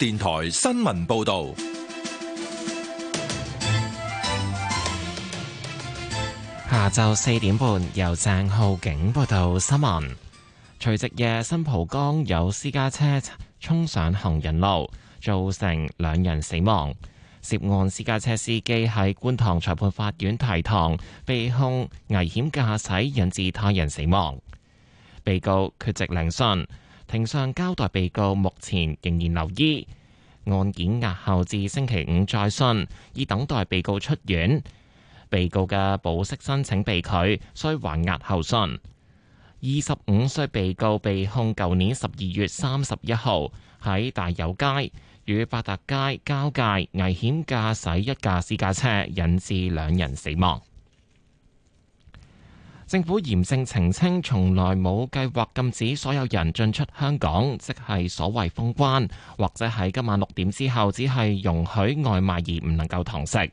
電台新聞報道，下晝四點半由鄭浩景報道新聞。除夕夜，新蒲崗有私家車衝上行人路，造成兩人死亡。涉案私家車司機喺觀塘裁判法院提堂，被控危險駕駛引致他人死亡。被告缺席聆訊。庭上交代，被告目前仍然留醫，案件押後至星期五再訊，以等待被告出院。被告嘅保釋申請被拒，需還押候訊。二十五歲被告被控，舊年十二月三十一號，喺大有街與八達街交界危險駕駛一架私家車引致兩人死亡。政府嚴正澄清，從來冇計劃禁止所有人進出香港，即係所謂封關，或者喺今晚六點之後只係容許外賣而唔能夠堂食。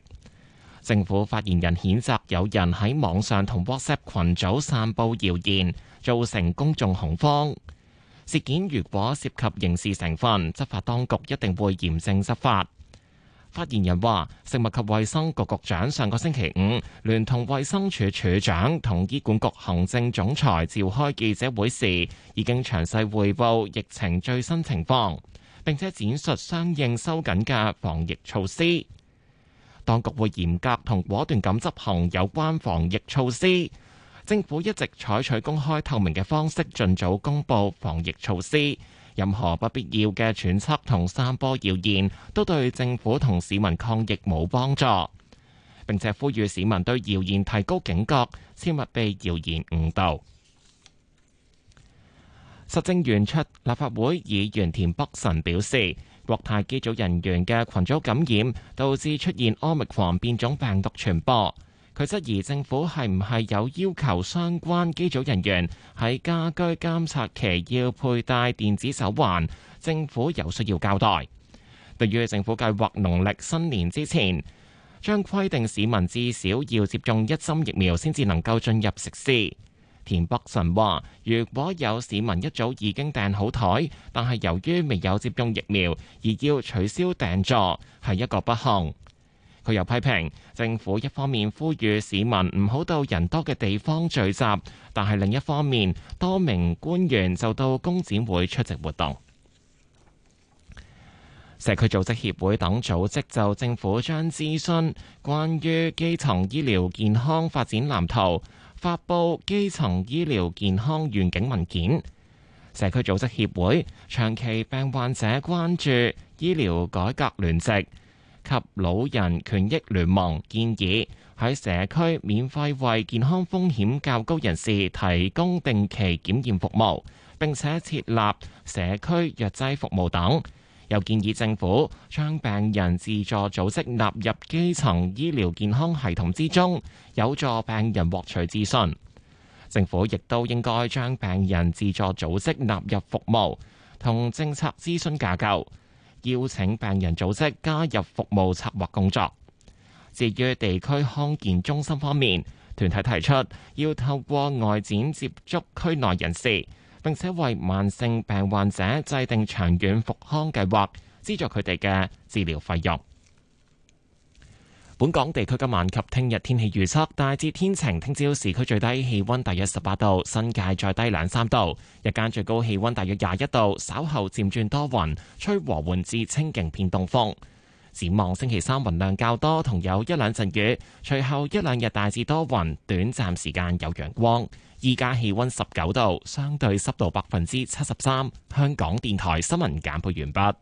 政府發言人譴責有人喺網上同 WhatsApp 群組散布謠言，造成公眾恐慌。事件如果涉及刑事成分，執法當局一定會嚴正執法。發言人話：食物及衛生局局長上個星期五聯同衛生署署長同醫管局行政總裁召開記者會時，已經詳細匯報疫情最新情況，並且展述相應收緊嘅防疫措施。當局會嚴格同果斷咁執行有關防疫措施。政府一直採取公開透明嘅方式，盡早公布防疫措施。任何不必要嘅揣測同散播謠言，都對政府同市民抗疫冇幫助。並且呼籲市民對謠言提高警覺，切勿被謠言誤導。實政圓桌立法會議員田北辰表示，國泰機組人員嘅群組感染，導致出現 Omicron 變種病毒傳播。佢質疑政府係唔係有要求相關機組人員喺家居監察期要佩戴電子手環？政府有需要交代。對於政府計劃農曆新年之前將規定市民至少要接種一針疫苗先至能夠進入食肆，田北辰話：如果有市民一早已經訂好台，但係由於未有接種疫苗而要取消訂座，係一個不幸。佢又批評政府一方面呼籲市民唔好到人多嘅地方聚集，但係另一方面，多名官員就到工展會出席活動。社區組織協會等組織就政府將諮詢關於基層醫療健康發展藍圖發布基層醫療健康願景文件。社區組織協會長期病患者關注醫療改革聯席，及老人權益聯盟建議喺社區免費為健康風險較高人士提供定期檢驗服務，並且設立社區藥劑服務等。又建議政府將病人自助組織納入基層醫療健康系統之中，有助病人獲取資訊。政府亦都應該將病人自助組織納入服務同政策諮詢架構。邀請病人組織加入服務策劃工作。至於地區康健中心方面，團體提出要透過外展接觸區內人士，並且為慢性病患者制定長遠復康計劃，資助佢哋嘅治療費用。本港地區今晚及聽日天氣預測：大致天晴，聽朝市區最低氣溫大約十八度，新界再低兩三度，日間最高氣溫大約廿一度，稍後漸轉多雲，吹和緩至清勁偏東風。展望星期三雲量較多，同有一兩陣雨，隨後一兩日大致多雲，短暫時間有陽光。依家氣溫十九度，相對濕度百分之七十三。香港電台新聞簡報完畢。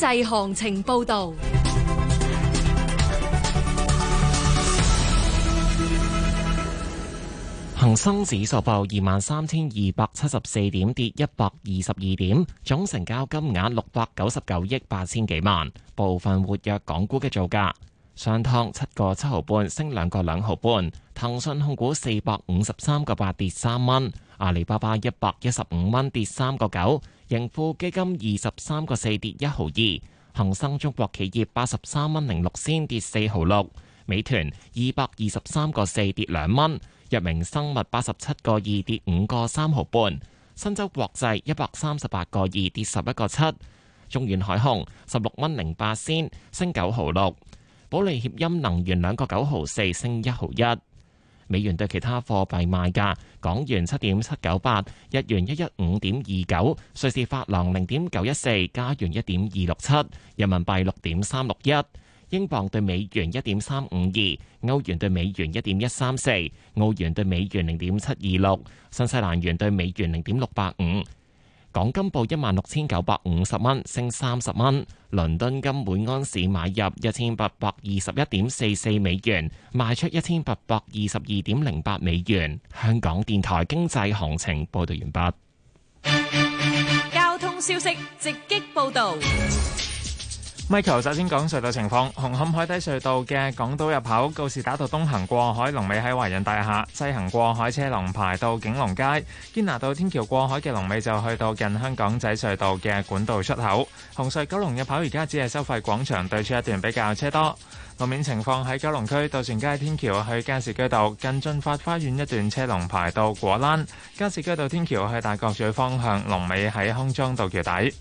製行情報道，恒生指數報二萬三千二百七十四點，跌一百二十二點，總成交金額六百九十九億八千幾萬，部分活躍港股嘅造價，上湯七個七毫半，升兩個兩毫半，騰訊控股四百五十三個八跌三蚊，阿里巴巴一百一十五蚊跌三個九。盈富基金二十三個四跌一毫二，恒生中國企業八十三蚊零六仙跌四毫六，美團二百二十三個四跌兩蚊，藥明生物八十七個二跌五個三毫半，申洲國際一百三十八個二跌十一個七，中遠海控十六蚊零八仙升九毫六，保利協鑫能源兩個九毫四升一毫一，美元對其他貨幣賣價。港元七點七九八，日元一一五點二九，瑞士法郎零點九一四，加元一點二六七，人民幣六點三六一，英鎊對美元一點三五二，歐元對美元一點一三四，澳元對美元零點七二六，新西蘭元對美元零點六八五。港金報一萬六千九百五十蚊，升三十蚊。倫敦金每安士買入一千八百二十一點四四美元，賣出一千八百二十二點零八美元。香港電台經濟行情報道完畢。交通消息直擊報道。Michael 首先講隧道情況，紅磡海底隧道嘅港島入口告士打道東行過海龍尾喺華潤大廈，西行過海車龍排到景隆街。堅拿道天橋過海嘅龍尾就去到近香港仔隧道嘅管道出口。紅隧九龍入口而家只係收費廣場對出一段比較車多。路面情況喺九龍區渡船街天橋去加士居道近進發花園一段車龍排到果欄。加士居道天橋去大角咀方向龍尾喺康莊道橋底。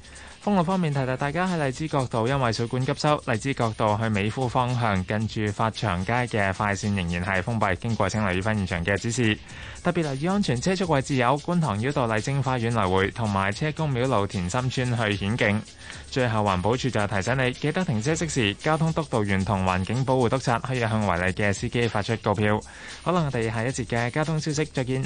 公路方面，提提大家喺荔枝角道因為水管急修，荔枝角道去美孚方向近住發祥街嘅快綫仍然係封閉，經過請留意返現場嘅指示。特別留意安全車速位置，有觀塘繞道麗晶花園來回同埋車公廟路田心村去險境。最後環保處就提醒你記得停車熄匙。交通督導員同環境保護督察可以向違例嘅司機發出告票。好啦，我哋下一節嘅交通消息再見。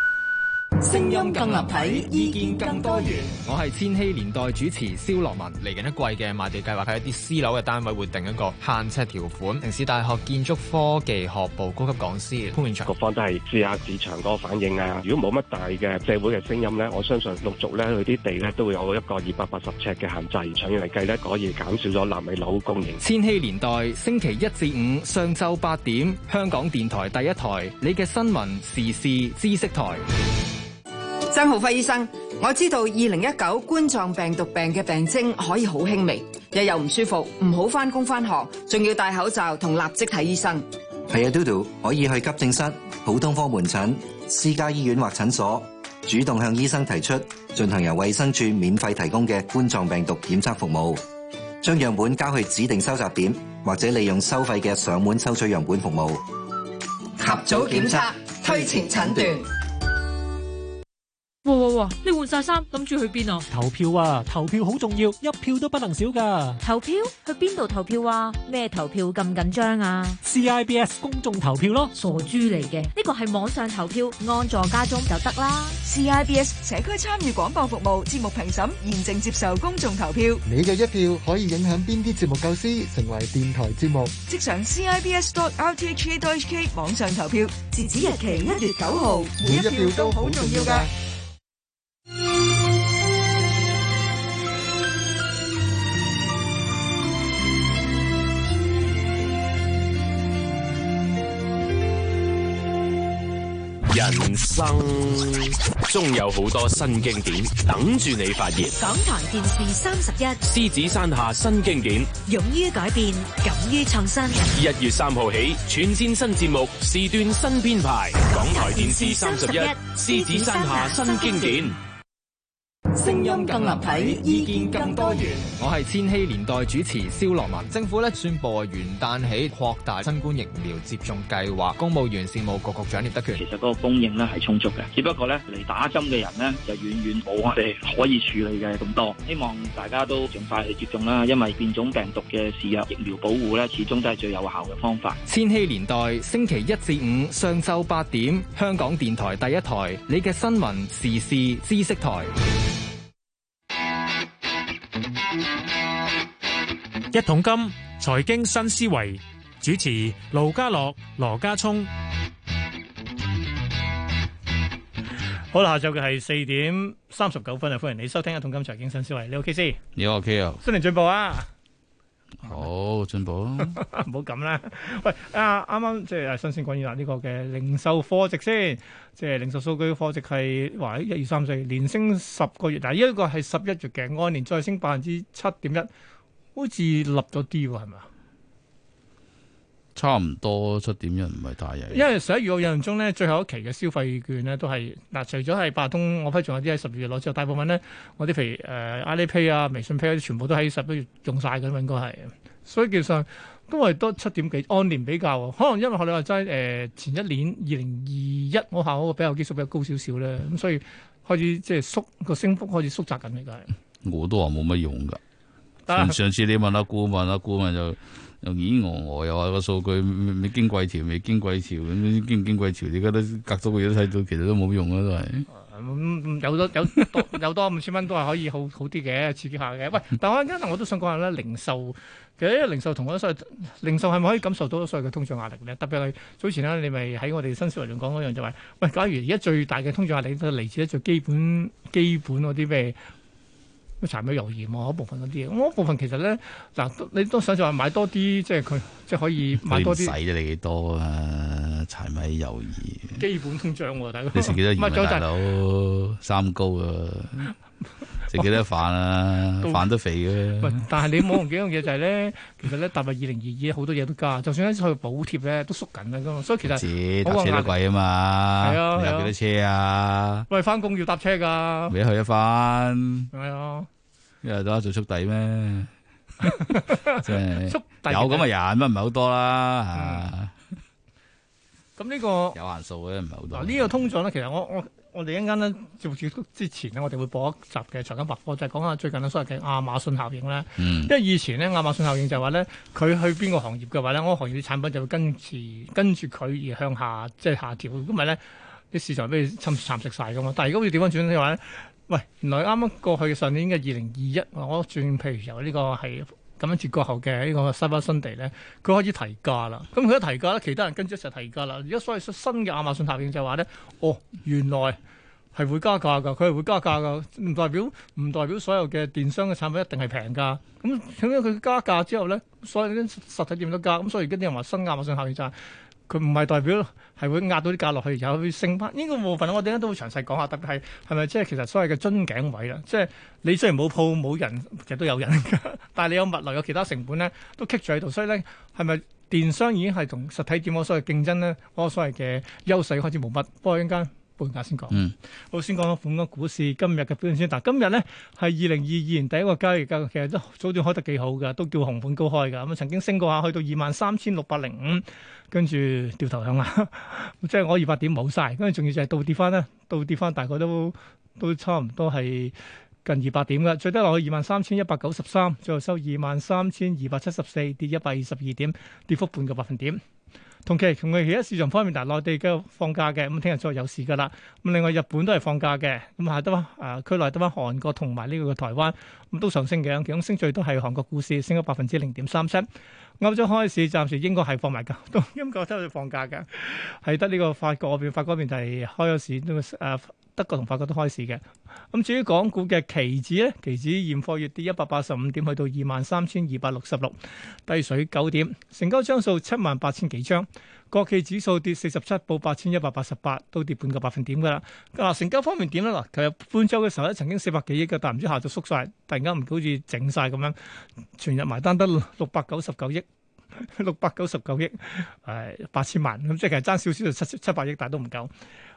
聲音更立體，意見更多元。我係千禧年代主持蕭樂文。嚟緊一季嘅賣地計劃，喺一啲私樓嘅單位會定一個限尺條款。城市大學建築科技學部高級講師潘永祥，各方都係試下市場嗰個反應啊。如果冇乜大嘅社會嘅聲音呢，我相信陸續呢，佢啲地呢都會有一個二百八十尺嘅限制。長遠嚟計呢，可以減少咗納米樓供應。千禧年代星期一至五上晝八點，香港電台第一台，你嘅新聞時事知識台。曾浩輝醫生，我知道二零一九冠狀病毒病嘅病徵可以好輕微，日又唔舒服，唔好返工返學，仲要戴口罩同立即睇醫生。係啊，嘟嘟可以去急症室、普通科門診、私家醫院或診所，主動向醫生提出進行由衛生署免費提供嘅冠狀病毒檢測服務，將樣本交去指定收集點或者利用收費嘅上門收取樣本服務，及早檢測，推前診斷。哇哇哇！你換晒衫，諗住去邊啊？投票啊！投票好重要，一票都不能少噶。投票去邊度投票啊？咩投票咁緊張啊？CIBS 公眾投票咯，傻豬嚟嘅。呢個係網上投票，安坐家中就得啦。CIBS 社區參與廣播服務節目評審，現正接受公眾投票。你嘅一票可以影響邊啲節目構思成為電台節目。即上 CIBS dot RTHK dot HK 網上投票，截止日期一月九號。每一票都好重要噶。生中有好多新經典等住你發現。港台電視三十一，獅子山下新經典，勇於改變，敢於創新。一月三號起，全線新節目時段新編排。港台電視三十一，獅子山下新經典。聲音更立體，意見更多元。我係千禧年代主持蕭樂文。政府咧宣布元旦起擴大新冠疫苗接種計劃。公務員事務局局長聶德權：其實嗰個供應咧係充足嘅，只不過咧嚟打針嘅人咧就遠遠冇我哋可以處理嘅咁多。希望大家都盡快去接種啦，因為變種病毒嘅事，藥疫苗保護咧始終都係最有效嘅方法。千禧年代星期一至五上晝八點，香港電台第一台，你嘅新聞時事知識台。一桶金財經新思維主持盧家樂、羅家聰，好啦，下晝嘅係四點三十九分啊！歡迎你收聽一《一桶金財經新思維》，你 OK 先？你好 K 啊！新年進步啊！好進、oh, 步，唔好咁啦。喂，啊，啱啱即係新鮮滾熱辣，呢個嘅零售貨值先，即係零售數據貨值係話一二三四，連升十個月，嗱、啊，呢、這、一個係十一月嘅按年再升百分之七點一。好似立咗啲喎，係咪啊？差唔多七點一唔係太遠。因為十一月我印象中咧，最後一期嘅消費券咧都係嗱、呃，除咗係八通，我批，仲有啲喺十二月攞，之後大部分咧我啲譬如誒 Alipay、呃、啊、微信 Pay、啊、全部都喺十一月用曬㗎，應該係。所以其實都係多七點幾，按年比較可能因為我哋話齋誒前一年二零二一，我下個比較基數比較高少少咧，咁所以開始即係縮個升幅開始縮窄緊嚟嘅。我都話冇乜用噶。上次你問阿顧問，阿顧問就又耳耳又話個數據未經季調未經季調，經唔經季調？你而家隔咗幾個月都睇到，其實都冇用啦，都係、嗯。有多有多有多五千蚊都係可以好好啲嘅，刺激下嘅。喂，但係我一陣我都想講下咧，零售其實零售同嗰啲所謂零售係咪可以感受到所謂嘅通脹壓力咧？特別係早前呢，你咪喺我哋新思維講嗰樣就係，喂，假如而家最大嘅通脹壓力都嚟自一最基本基本嗰啲咩？柴米油鹽啊，一部分嗰啲嘢，我部分其實咧，嗱，你都想就話買多啲，即係佢即係可以買多啲。使咗你幾多啊？柴米油鹽，基本通脹喎，大概。你食幾多嘢啊，大佬、啊 是？三高啊！ 食幾多飯啊？飯都肥嘅。 但係你冇同幾樣嘢就係咧，其實咧，踏入二零二二好多嘢都加，就算喺去補貼咧，都縮緊啦咁。所以其實搭車都貴啊嘛。係啊，有幾多車啊，啊，啊？喂，翻工要搭車噶、啊。每去一翻。係啊。一日到黑做速遞咩？即係 速遞帝 有咁嘅人、啊，咁咪唔係好多啦。咁呢個有限數嘅，唔係好多、啊。呢、啊這個通脹咧，其實我我。我我哋一陣間咧做結束之前咧，我哋會播一集嘅財金百科，就係、是、講下最近嘅所謂嘅亞馬遜效應咧。嗯、因為以前咧亞馬遜效應就係話咧，佢去邊個行業嘅話咧，嗰、那個、行業啲產品就會跟住跟住佢而向下即係下調。咁果唔係咧，啲市場俾佢侵蠶食曬㗎嘛。但係而家要掉返轉嘅話咧，喂，原來啱啱過去嘅上年嘅二零二一，我轉譬如由呢個係。咁樣截割後嘅呢個新花新地咧，佢開始提價啦。咁佢一提價咧，其他人跟住一齊提價啦。而家所謂新嘅亞馬遜效應就係話咧，哦，原來係會加價噶，佢係會加價噶，唔代表唔代表所有嘅電商嘅產品一定係平價。咁點解佢加價之後咧，所有啲實體店都加？咁所以而家啲人話新亞馬遜效應就係。佢唔係代表係會壓到啲價落去，有去升翻呢個部分，我哋咧都會詳細講下，特別係係咪即係其實所謂嘅樽頸位啦，即係你雖然冇鋪冇人，其實都有人，但係你有物流有其他成本咧，都棘住喺度，所以咧係咪電商已經係同實體店嗰所謂競爭咧，嗰所謂嘅優勢開始冇乜？不過陣間。半先講。嗯，好，先講下本港股市今日嘅表現先。嗱，今日咧係二零二二年第一個交易日，其實都早段開得幾好㗎，都叫紅盤高開㗎。咁曾經升過下去到二萬三千六百零五，跟住掉頭向下， 即係我二百點冇晒，跟住仲要就係倒跌翻咧，倒跌翻，大概都都差唔多係近二百點㗎。最低落去二萬三千一百九十三，最後收二萬三千二百七十四，跌一百二十二點，跌幅半個百分點。同其同其其他市場方面，嗱、啊、內地都放假嘅，咁聽日再有事噶啦。咁另外日本都係放假嘅，咁下得翻誒，區內得翻韓國同埋呢個台灣，咁、嗯、都上升嘅。其中升最多係韓國股市升咗百分之零點三七。歐洲開市暫時英國係放埋假，都 英國都喺度放假嘅，係得呢個法國嗰邊，法國邊就係開咗市都誒。呃德國同法國都開始嘅，咁至於港股嘅期指咧，期指現貨月跌一百八十五點，去到二萬三千二百六十六，低水九點，成交張數七萬八千幾張，國企指數跌四十七，報八千一百八十八，都跌半個百分點噶啦。嗱，成交方面點咧？嗱，今日半周嘅時候咧，曾經四百幾億嘅，但唔知下就縮晒，突然間唔見好似整晒咁樣，全日埋單得六百九十九億，六百九十九億，誒八千萬，咁即係爭少少就七七百億，但係都唔夠。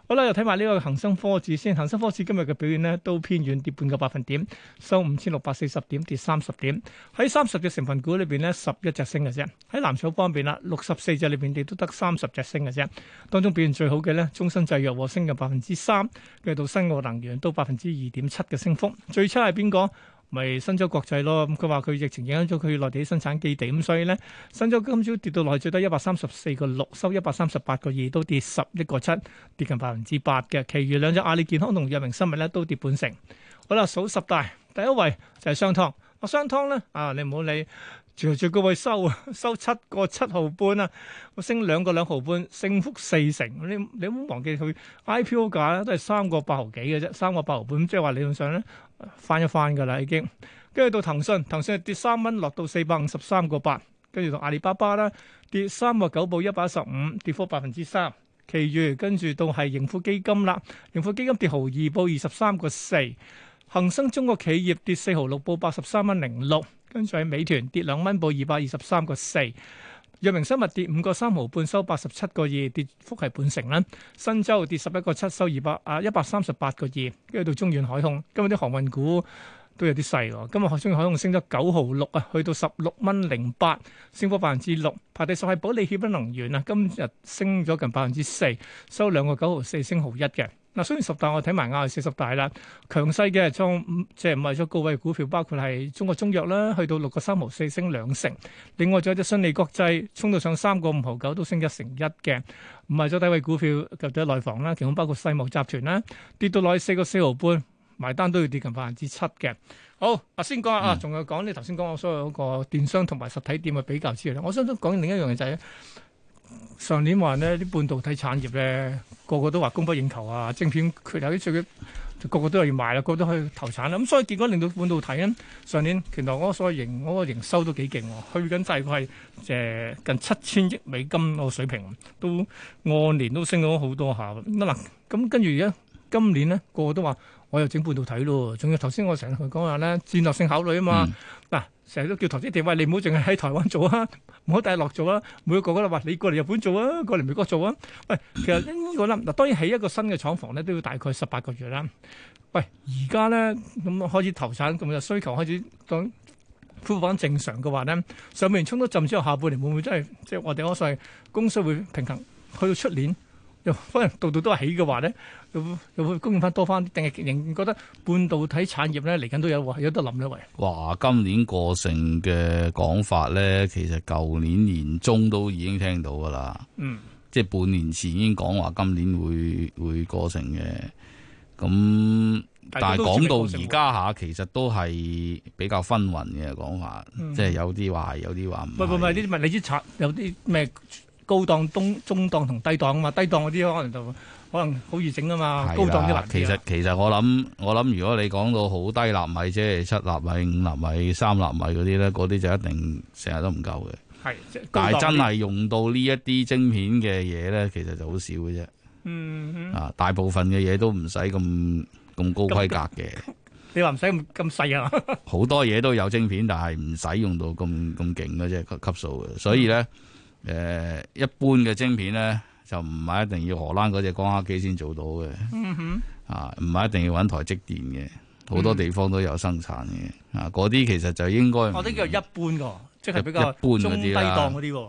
好啦，又睇埋呢個恒生科指先，恒生科指今日嘅表現咧都偏軟，跌半個百分點，收五千六百四十點，跌三十點。喺三十隻成分股裏邊咧，十一隻升嘅啫。喺藍籌方面啦，六十四隻裏邊亦都得三十隻升嘅啫。當中表現最好嘅咧，中生製藥升嘅百分之三，跟住到新奧能源都百分之二點七嘅升幅。最差係邊個？咪新洲國際咯，咁佢話佢疫情影響咗佢內地生產基地，咁所以咧新洲今朝跌到內地最低一百三十四個六，收一百三十八個二，都跌十一個七，跌近百分之八嘅。其餘兩隻阿里健康同藥明生物咧都跌半成。好啦，數十大，第一位就係商湯。阿商湯咧啊，你唔好理。隨住嗰位收收七個七毫半啦，我升兩個兩毫半，升幅四成。你你唔好忘記佢 IPO 價都係三個八毫幾嘅啫，三個八毫半，即係話理論上咧翻一翻嘅啦已經。跟住到騰訊，騰訊係跌三蚊落到四百五十三個八。跟住同阿里巴巴啦，跌三個九報一百一十五，跌幅百分之三。其餘跟住到係盈富基金啦，盈富基金跌毫二報二十三個四。恆生中國企業跌四毫六報八十三蚊零六。跟住喺美團跌兩蚊，報二百二十三個四。藥明生物跌五個三毫半，收八十七個二，跌幅係半成啦。新洲跌十一個七，收二百啊一百三十八個二。跟住到中遠海控，今日啲航運股都有啲細喎。今日海中遠海控升咗九毫六啊，去到十六蚊零八，升幅百分之六。排第十係保利協鑫能源啊，今日升咗近百分之四，收兩個九毫四，升毫一嘅。嗱，雖然十大我睇埋亞係四十大啦，強勢嘅就即係賣咗高位股票，包括係中國中藥啦，去到六個三毫四升兩成；另外仲有隻新利國際，衝到上三個五毫九，都升一成一嘅；賣咗低位股票及咗內房啦，其中包括世茂集團啦，跌到落去四個四毫半，埋單都要跌近百分之七嘅。好，啊先講啊，仲有講你頭先講我所講嗰個電商同埋實體店嘅比較之餘啦，我想講另一樣嘢就係。上年話呢啲半導體產業咧，個個都話供不應求啊，晶片佢啊啲，所以個個都要賣啦、啊，個個都可以投產啦、啊。咁所以結果令到半導體咧，上年拳頭哥所謂營嗰個營收都幾勁，去緊制佢係誒近七千億美金個水平，都按年都升咗好多下。咁嗱咁跟住而家今年呢個個都話我又整半導體咯。仲要頭先我成日同佢講話咧，戰略性考慮啊嘛，嗱成日都叫投資地位，喂，你唔好淨係喺台灣做啊。唔好大落做啦，每個都話你過嚟日本做啊，過嚟美國做啊。喂，其實呢個咧，嗱當然起一個新嘅廠房咧，都要大概十八個月啦。喂，而家咧咁開始投產，咁就需求開始反覆反正常嘅話咧，上半年衝多浸之後，下半年會唔會真係即係我哋講曬供需會平衡去到出年？又可能度度都係起嘅話咧，又又會供應翻多翻，定係仍覺得半導體產業咧嚟緊都有有得諗咧？喂，哇，今年過剩嘅講法咧，其實舊年年中都已經聽到㗎喇，嗯，即係半年前已經講話今年會會過剩嘅，咁但係講到而家吓，其實都係比較紛紜嘅講法，嗯、即係有啲話，有啲話唔係，唔唔唔，呢啲物你啲拆有啲咩？高檔、中中檔同低檔啊嘛，低檔嗰啲可能就可能好易整啊嘛，的高檔啲難啲。嗱，其實其實我諗，我諗如果你講到好低納米，即係七納米、五納米、三納米嗰啲咧，嗰啲就一定成日都唔夠嘅。係，但係真係用到呢一啲晶片嘅嘢咧，其實就好少嘅啫。嗯哼，啊，大部分嘅嘢都唔使咁咁高規格嘅。麼 你話唔使咁咁細啊？好 多嘢都有晶片，但係唔使用到咁咁勁嘅啫級數嘅，所以咧。 誒、呃，一般嘅晶片咧，就唔係一定要荷蘭嗰隻光刻機先做到嘅，嗯、哼啊，唔係一定要揾台積電嘅，好多地方都有生產嘅，嗯、啊，嗰啲其實就應該我啲叫一般個，即係比較低檔一般嗰啲啦，低檔嗰啲，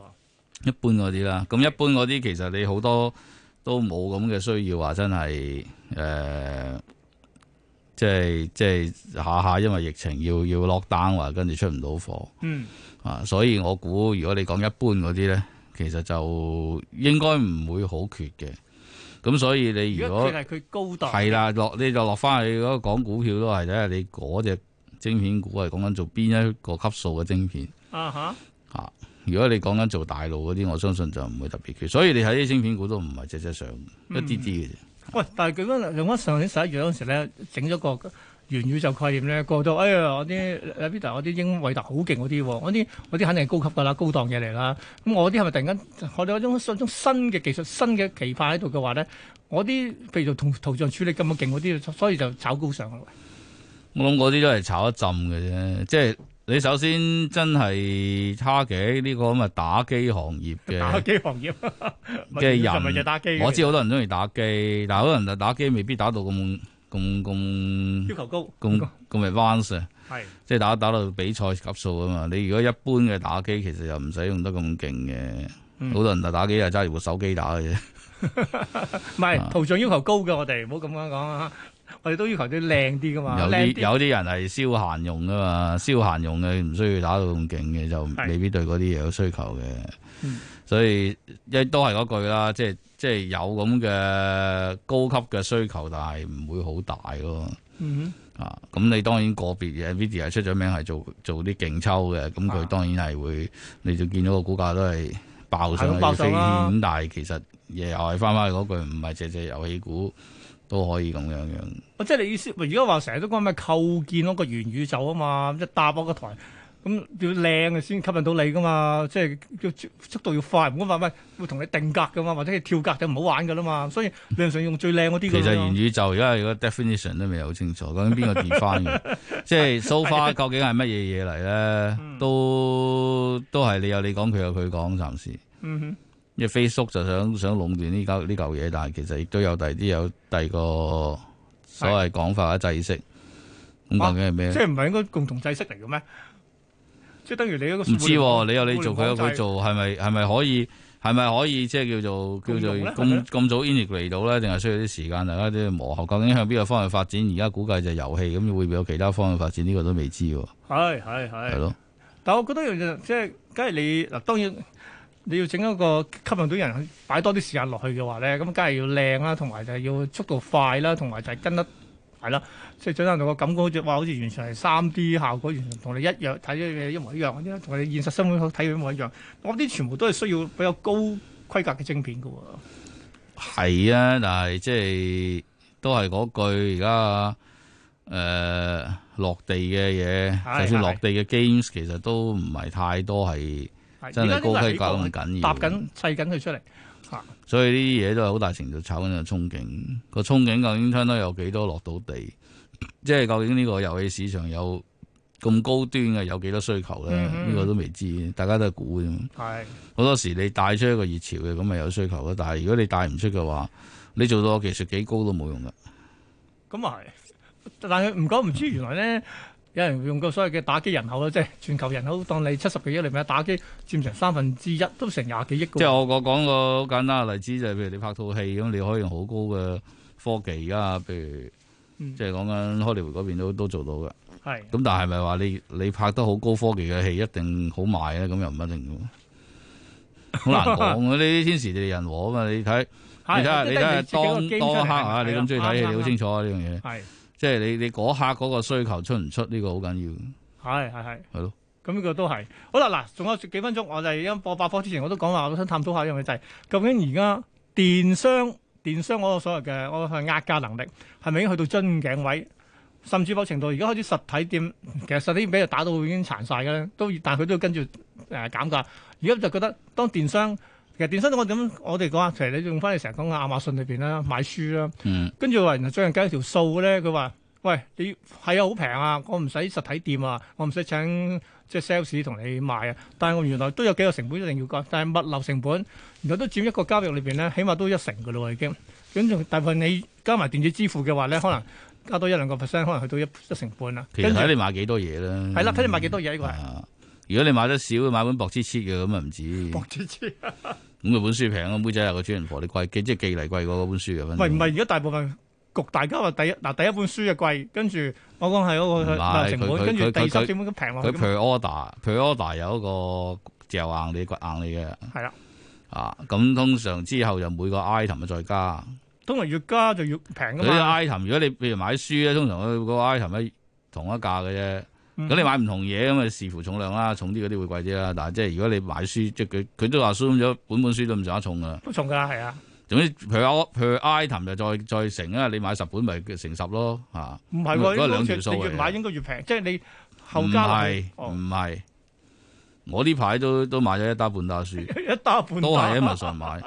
一般嗰啲啦。咁一般嗰啲其實你好多都冇咁嘅需要話，真係誒，即係即係下下因為疫情要要 lock down 話，跟住出唔到貨。啊，所以我估如果你講一般嗰啲咧，其實就應該唔會好缺嘅。咁所以你如果佢係佢高度係啦，落你就落翻去嗰，講股票都係睇下你嗰隻晶片股係講緊做邊一個級數嘅晶片。啊哈嚇！如果你講緊做大路嗰啲，我相信就唔會特別缺。所以你喺啲晶片股都唔係隻隻上，嗯、一啲啲嘅。啫、嗯。喂，但係佢嗰佢嗰上年十一月嗰陣時咧，整咗個元宇宙概念咧過到，哎呀我啲阿 p e 我啲英偉達好勁嗰啲，我啲 我啲肯定係高級㗎啦，高檔嘢嚟啦。咁我啲係咪突然間學到一種新嘅技術、新嘅奇法喺度嘅話咧？我啲譬如就圖圖像處理咁勁嗰啲，所以就炒高上咯。我諗嗰啲都係炒一浸嘅啫，即係你首先真係差幾呢個咁啊，打機行業嘅打機行業嘅人， 係咪就係打機，我知好多人中意打機，但係可能就打機未必打到咁。咁咁要求高，咁咁咪玩嘅，advanced, 是即係打打到比賽級數啊嘛！你如果一般嘅打機，其實又唔使用得咁勁嘅，好、嗯、多人就打機啊，揸住部手機打嘅啫。唔係 是，圖像、啊、要求高嘅，我哋唔好咁樣講啊！我哋都要求啲靚啲㗎嘛。有啲些人係消閒用㗎嘛，消閒用嘅唔需要打到咁勁嘅，就未必對嗰啲嘢有需求嘅。是嗯、所以都一都係嗰句啦，即係。就是即係有咁嘅高級嘅需求，但係唔會好大咯。嗯哼，啊，咁你當然個別嘅 Nvidia 出咗名係做做啲勁抽嘅，咁、嗯、佢當然係會，你就見到個股價都係爆上飛天。咁、嗯、但係其實又係翻翻去嗰句遊戲，唔係只隻遊戲股都可以咁樣樣。我、啊、即係你意思，如果話成日都講咩構建嗰個元宇宙啊嘛，即係搭嗰個台。咁要靚啊，先吸引到你噶嘛。即係要速度要快，唔好話喂會同你定格噶嘛，或者跳格就唔好玩噶啦嘛。所以你常用最靚嗰啲。其實元宇宙，而家如果 definition 都未好清楚，究竟邊個 define 嘅，即係 so far 究竟係乜嘢嘢嚟咧？都都係你有你講，佢有佢講，暫時因為、嗯、哼 Facebook 就想想壟斷呢嚿呢嚿嘢，但係其實亦都有第二啲有第二個所謂講法嘅制式。咁 究竟係咩？啊、即係唔係應該共同制式嚟嘅咩？即係等於你嗰個唔知喎，你有你做，做，佢有佢做，係咪係咪可以係咪可以即係叫做叫做咁咁早 integrate 嚟到咧？定係需要啲時間，大家啲磨合，究竟向邊個方向發展？而家估計就係遊戲，咁會唔會有其他方向發展？呢個都未知喎。係係係。係咯，的但係我覺得一樣即係，梗係你嗱，當然你要整一個吸引到人，擺多啲時間落去嘅話咧，咁梗係要靚啦，同埋就係要速度快啦，同埋就係跟得。係啦，即係盡量同個感覺，好似哇，好似完全係三 D 效果，完全同你一樣睇啲嘢一模一樣嗰啲啦，同你現實生活睇嘅一模一樣。我啲全部都係需要比較高規格嘅晶片噶。係啊，但係即係都係嗰句，而家誒落地嘅嘢，就算落地嘅 games，其實都唔係太多係真係高規格咁緊要，搭緊、砌緊佢出嚟。所以呢啲嘢都係好大程度炒緊個憧憬。個憧憬究竟相當有幾多落到地？即係究竟呢個遊戲市場有咁高端嘅，有幾多需求咧？呢、嗯、哼個都未知，大家都係估啫。係好是多時你帶出一個熱潮嘅，咁咪有需求咯。但係如果你帶唔出嘅話，你做到技術幾高都冇用噶。咁啊、嗯、但係唔講唔知，原來咧。有人用過所謂嘅打擊人口咯，即係全球人口當你七十幾億嚟，咪打擊佔成三分之一，都成廿幾億。即係我我講個好簡單嘅例子，就係譬如你拍套戲咁，你可以用好高嘅科技，㗎。譬如即係講緊荷里活嗰邊都都做到嘅。係。咁但係咪話你你拍得好高科技嘅戲一定好賣呀？咁又唔一定嘅。好難講嘅，呢啲天時地利人和啊嘛！你睇你睇你睇當當黑啊！你咁中意睇戲，你好清楚呀呢樣嘢。係。即係你你嗰下嗰個需求出唔出呢，這個好緊要，係係係係咯，咁呢個都係好啦嗱，仲有幾分鐘，我就因播百貨之前，我都講話，我想探討下一樣嘢就係、是、究竟而家電商電商嗰個所謂嘅，我係壓價能力係咪已經去到樽頸位，甚至某程度而家開始實體店，其實實體店俾佢打到已經殘晒嘅咧，都但佢都要跟住誒減價。而、呃、家就覺得當電商。其實電商我點？我哋講啊，其實你用翻你成日講嘅亞馬遜裏邊啦，買書啦，跟住話原來最近計咗條數咧，佢話：喂，你係啊，好平啊！我唔使實體店啊，我唔使請即係 sales 同你賣啊。但係我原來都有幾個成本一定要講，但係物流成本原來都佔一個交易裏邊咧，起碼都一成嘅咯喎已經。跟住，大部分你加埋電子支付嘅話咧，可能加多一兩個 percent，可能去到一一成半啦。其實睇你買幾多嘢啦。係啦後，睇、嗯、你買幾多嘢呢個係。嗯嗯如果你買得少，買本薄黐黐嘅咁啊，唔止薄黐黐，咁啊本書平啊妹仔啊個主人婆你貴即係寄嚟貴過嗰本書啊，唔係唔係，而家大部分局大家話第一嗱第一本書又貴，跟住我講係嗰個是成本，跟住第二點蚊咁平喎。佢 order 佢 order 有一個字硬你硬你嘅，係啦的啊咁通常之後就每個 item 咪再加，通常越加就越平㗎嘛。啲 item 如果你譬如買書咧，通常佢個 item 咧同一價嘅啫。咁你買唔同嘢，咁啊視乎重量啦，重啲嗰啲會貴啲啦。但係即係如果你買書，即係佢佢都話書咗，本本書都唔想得重，重啊，都重噶係啊。總之，譬如我譬如 item 就再再乘啊，你買十本咪乘十咯吓。唔係，啊，應該兩條數，你越買應該越平。啊、即係你後加。唔係唔係，我呢排都都買咗一打半打書， 一打半打都係喺網上買。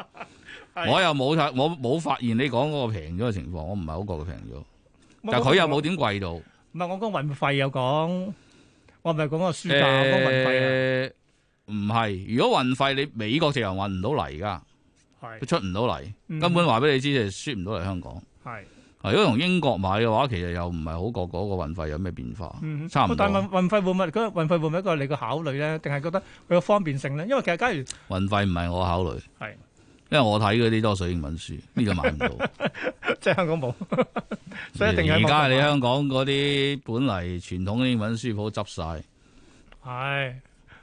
啊、我又冇睇，我冇發現你講嗰個平咗嘅情況，我唔係好覺佢平咗，但佢又冇點貴到。唔係我講運費又講，我係咪講個書價講運費唔係，如果運費你美國直又運唔到嚟噶，係佢是出唔到嚟，根本話俾你知就係輸唔到嚟香港。係是如果同英國買嘅話，其實又唔係好覺嗰個運費有咩變化，嗯、差唔多。嗯、但運運費會唔會？個運費會唔會一個你嘅考慮咧？定係覺得佢個方便性咧？因為其實假如運費唔係我考慮，係。因為我睇嗰啲多數英文書，呢個買唔到， 即係香港冇，所以一定而家你香港嗰啲本嚟傳統嘅英文書鋪執晒，係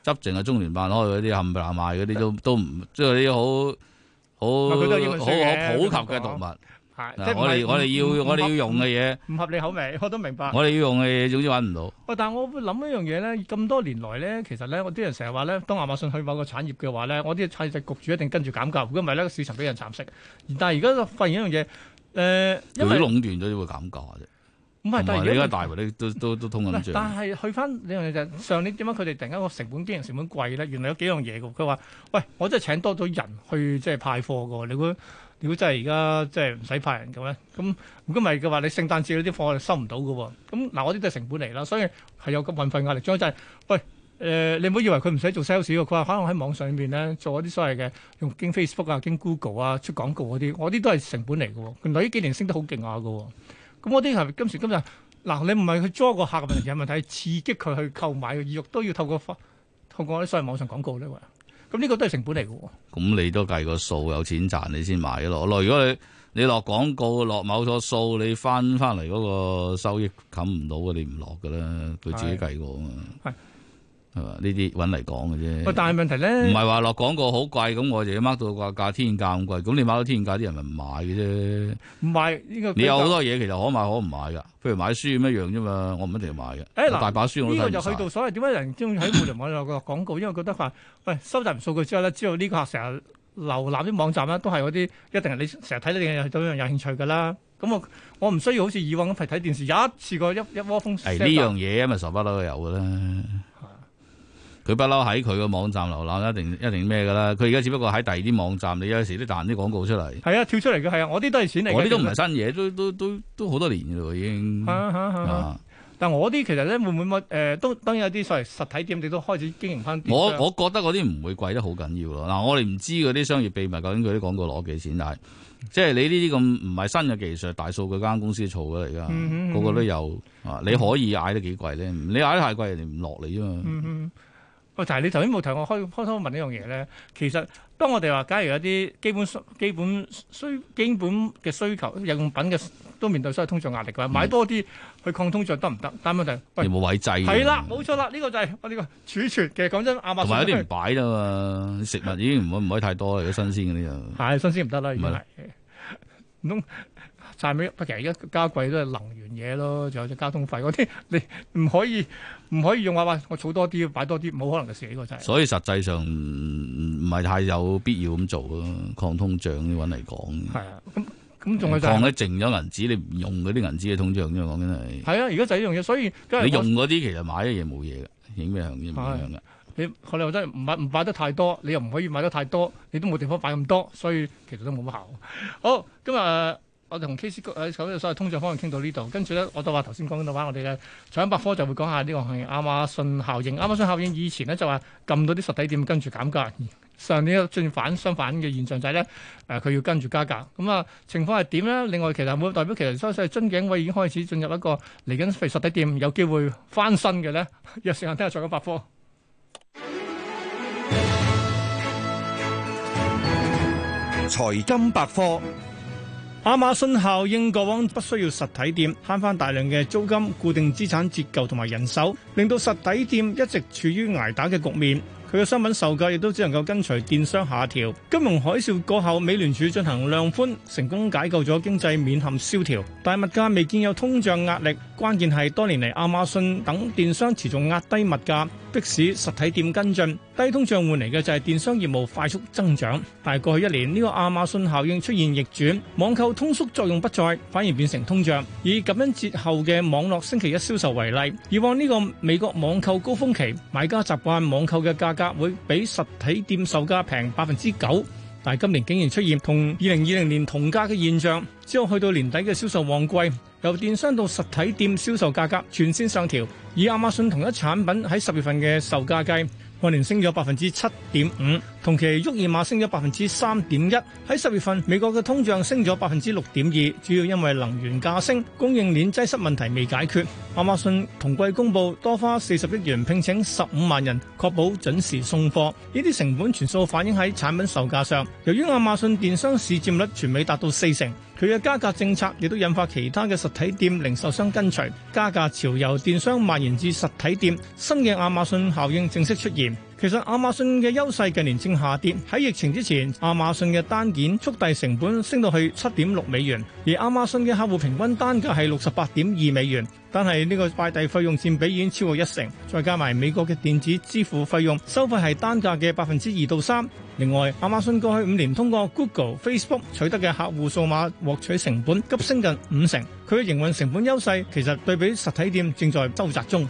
執淨係中聯辦開嗰啲冚唪唥賣嗰啲都對都唔即係啲好好好好普及嘅讀物。啊係，即我哋不我哋要不我哋要用嘅嘢，唔合理口味，我都明白。我哋要用嘅嘢，總之揾唔到。喂、哦，但係我會諗一樣嘢咧，咁多年來咧，其實咧，我啲人成日話咧，當亞馬遜去某個產業嘅話咧，我啲產業焗住一定跟住減價，如果唔係呢，個市場俾人蠶食。但係而家都發現一樣嘢，誒、呃，因為壟斷咗先會減價啫。唔係，而家大華咧都都，都，都通緊脹。但係去翻兩樣嘢就，上年點解佢哋突然間個成本經營成本貴咧？原來有幾樣嘢噶。佢話：喂，我真係請多咗人去即係派貨噶，你會？如果真係而家即係唔使派人嘅咧，咁如果唔係嘅話，你聖誕節嗰啲貨就收唔到嘅喎。咁嗱，我啲都係成本嚟啦，所以係有個運費壓力。真係，喂，誒、呃，你唔好以為佢唔使做 sales，佢話可能喺網上面咧做一啲所謂嘅用經 Facebook 啊、經 Google 啊出廣告嗰啲，我啲都係成本嚟嘅喎。原來呢幾年升得好勁下嘅喎，咁我啲係今時今日嗱，你唔係去抓個客嘅問題，刺激佢去購買嘅意欲都要透過發透過啲所謂網上廣告咧。咁呢個都係成本嚟嘅喎。咁你都計個數，有錢賺你先買咯。落，如果你你落廣告落某個數，你返返嚟嗰個收益冚唔到嘅，你唔落㗎啦。佢自己計過啊嘛。呢啲揾嚟講嘅啫。但係問題咧，唔係話落廣告好貴，咁我就要 mark 到個價天價咁貴，咁你 mark 到天價啲人咪唔買嘅啫。唔買呢個。你有好多嘢其實可買可唔買嘅，譬如買書咁一樣啫嘛，我唔一定買嘅。誒、哎、大把書我都。呢個就去到所謂點解人中意喺互聯網落個廣告， 因為覺得話喂收集完數據之後呢，知道呢個客成日瀏覽啲網站咧，都係嗰啲一定係你成日睇呢樣有對呢樣有興趣嘅啦。咁我我唔需要好似以往咁係睇電視一次過一一,一窩蜂。係呢、哎、樣嘢，因為傻不嬲都有嘅啦。佢不嬲喺佢個網站瀏覽，一定一定咩㗎啦？佢而家只不過喺第二啲網站，你有時都彈啲廣告出嚟。係啊，跳出嚟嘅，係啊，我啲都係錢嚟。我啲都唔係新嘢，都都都都好多年咯，已經。啊啊啊、但我啲其實咧，會唔會乜？誒、呃，都當然有啲所謂實體店，你都開始經營翻。我我覺得嗰啲唔會貴得好緊要咯。嗱，我哋唔知嗰啲商業秘密究竟佢啲廣告攞幾錢，但係即係你呢啲咁唔係新嘅技術，大數據間公司做嘅嚟噶，嗯嗯嗯嗯個個都有、啊、你可以嗌得幾貴咧？你嗌得太貴，你唔落嚟啊嘛。嗯嗯嗯。喂，但係你頭先冇提，我開開頭問呢樣嘢咧。其實當我哋話，假如有啲基本需、基本需、基本嘅需求、日用品嘅都面對所有通脹壓力嘅話，買多啲去抗通脹得唔得？但係問題，你冇位置，啊。係啦，冇錯啦，呢、呢個就係、係、呢、呢個、呢個、儲存。其實講真，亞馬。同埋有啲唔擺啊嘛，食物已經唔可唔可以太多啦，如果新鮮嗰啲啊。係 新鮮唔得啦，原來、嗯。曬尾，不過而家加貴都係能源嘢咯，仲有啲交通費嗰啲，你唔可以唔可以用話話我儲多啲擺多啲，冇可能嘅事嚟個真係。所以實際上唔唔係太有必要咁做咯，抗通脹呢樣嚟講。係啊，咁咁仲係抗咧？就是、剩咗銀紙你唔用嗰啲銀紙嘅通脹，即係講緊係。係啊，而家就呢樣嘢，所以你用嗰啲其實買一樣冇嘢嘅，影咩樣嘢嘅。你可能真係，唔買唔買得太多，你又唔可以買得太多，你都冇地方擺咁多，所以其實都冇乜效。好，今日。我同 K C 哥 s 嗰度所有通脹方面傾到呢度，跟住咧我都話頭先講到翻我哋嘅財經百科，就會講下呢個係亞馬遜效應。亞馬遜效應以前呢，就話、是、撳到啲實體店跟住減價，上年又轉反相反嘅現象就係咧誒，佢要跟住加價。咁、嗯、啊、呃、情況係點呢？另外其實冇代表其實，所以樽頸位已經開始進入一個嚟緊，肥實體店有機會翻身嘅咧。有時間聽日財經百科。財金百科。亞馬遜效應，過往不需要實體店，慳返大量嘅租金、固定資產折舊同埋人手，令到實體店一直處於捱打嘅局面。佢嘅商品售價亦都只能夠跟隨電商下調。金融海嘯過後，美聯儲進行量寬，成功解救咗經濟免陷蕭條，但物價未見有通脹壓力，關鍵係多年嚟亞馬遜等電商持續壓低物價，迫使實體店跟進。低通脹換嚟嘅就係電商業務快速增長，但係過去一年呢個亞馬遜效應出現逆轉，網購通縮作用不再，反而變成通脹，以感恩節後嘅網絡星期一銷售為例，以往呢個美國網購高峰期，買家習慣網購嘅價。價會比實體店售價平百分之九，但係今年竟然出現同二零二零年同價嘅現象，之後去到年底嘅銷售旺季，由電商到實體店銷售價格全線上調，以亞馬遜同一產品喺十月份嘅售價計。按年升咗百分之七點五，同期沃爾瑪升咗百分之三點一。喺十月份，美國嘅通脹升咗百分之六點二，主要因為能源價升，供應鏈擠塞問題未解決。亞馬遜同季公布多花四十億元聘請十五萬人，確保準時送貨。呢啲成本全數反映喺產品售價上。由於亞馬遜電商市佔率全美達到四成。佢嘅加價政策亦都引發其他嘅實體店零售商跟隨加價潮，由電商蔓延至實體店，新嘅亞馬遜效應正式出現。其實亞馬遜嘅優勢近年正下跌。喺疫情之前，亞馬遜嘅單件速遞成本升到去七點六美元，而亞馬遜嘅客戶平均單價係六十八點二美元。但係呢個快遞費用占比已經超過一成，再加埋美國嘅電子支付費用收費係單價嘅百分之二到三。另外，亞馬遜過去五年通過 Google、Facebook 取得嘅客戶數碼獲取成本急升近五成，佢嘅營運成本優勢其實對比實體店正在收窄中。